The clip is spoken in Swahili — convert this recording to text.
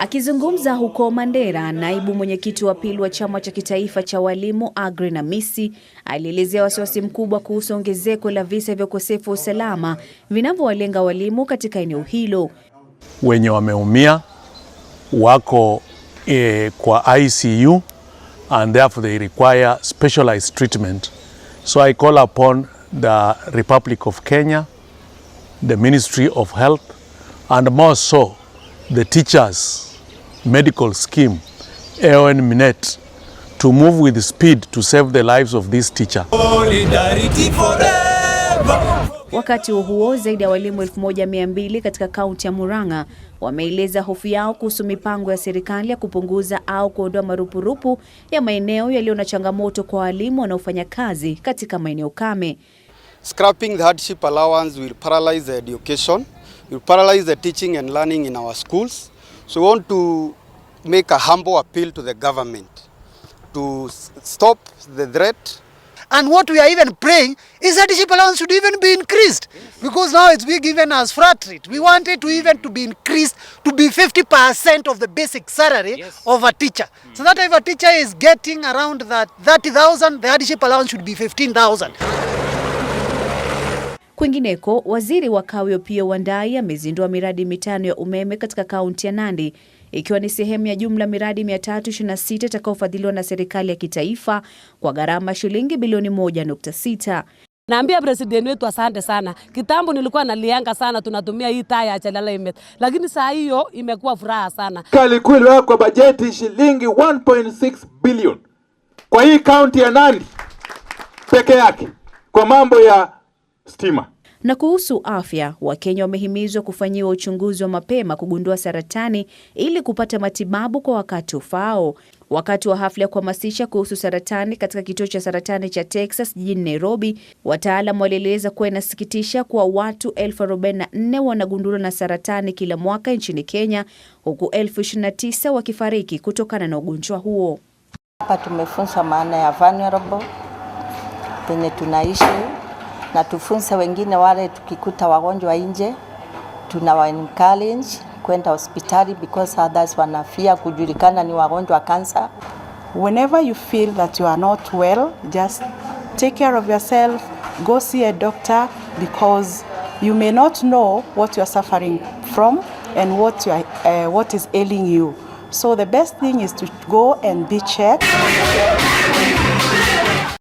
Akizungumza huko Mandera, naibu mwenyekiti wa pili wa chama cha kitaifa cha walimu Agri Misi alielezea wasiwasi mkubwa kuhusu ongezeko la visa vya ukosefu wa usalama vinavyowalenga walimu katika eneo hilo. Wenye wameumia wako eh, kwa ICU and therefore they require specialized treatment so I call upon the Republic of Kenya the Ministry of Health and more so the teachers medical scheme AON Minet to move with speed to save the lives of this teacher. Wakati huo zaidi ya walimu 1200 katika kaunti ya Murang'a wameeleza hofu yao kuhusu mipango ya serikali ya kupunguza au kuondoa marupurupu ya maeneo yaliyo na changamoto kwa walimu wanaofanya kazi katika maeneo kame. Scrapping the hardship allowance will paralyze the education, will paralyze the teaching and learning in our schools. So we want to make a humble appeal to the government to stop the threat. And what we are even praying is hardship allowance should even be increased because now it's being given as flat rate. We want it to even to be increased to be 50% of the basic salary yes. of a teacher. Mm. So that if a teacher is getting around that 30,000, the hardship allowance should be 15,000. Kwingineko, waziri wa kawi Opiyo Wandayi amezindua miradi mitano ya umeme katika kaunti ya Nandi ikiwa ni sehemu ya jumla miradi 326 itakayofadhiliwa na serikali ya kitaifa kwa gharama shilingi bilioni 1.6. Naambia president wetu asante sana. Kitambo nilikuwa nalianga sana tunatumia hii taa ya imet. Lakini saa hiyo imekuwa furaha sana. wako kwa bajeti shilingi 1.6 billion. kwa hii kaunti ya Nandi peke yake kwa mambo ya stima. Na kuhusu afya, Wakenya wamehimizwa kufanyiwa uchunguzi wa mapema kugundua saratani ili kupata matibabu kwa wakati ufao Wakati wa hafla ya kuhamasisha kuhusu saratani katika kituo cha saratani cha Texas jijini Nairobi, wataalam walieleza kuwa inasikitisha kuwa watu elfu 44 wanagundulwa na saratani kila mwaka nchini Kenya, huku elfu 29 wakifariki kutokana na ugonjwa huo. Hapa tumefunzwa maana ya vulnerable penye tunaishi na tufunze wengine wale tukikuta wagonjwa nje, tunawa encourage kwenda hospitali because others wanafia kujulikana ni wagonjwa kansa. Whenever you feel that you are not well, just take care of yourself, go see a doctor because you may not know what you are suffering from and what you are, uh, what is ailing you. So the best thing is to go and be checked.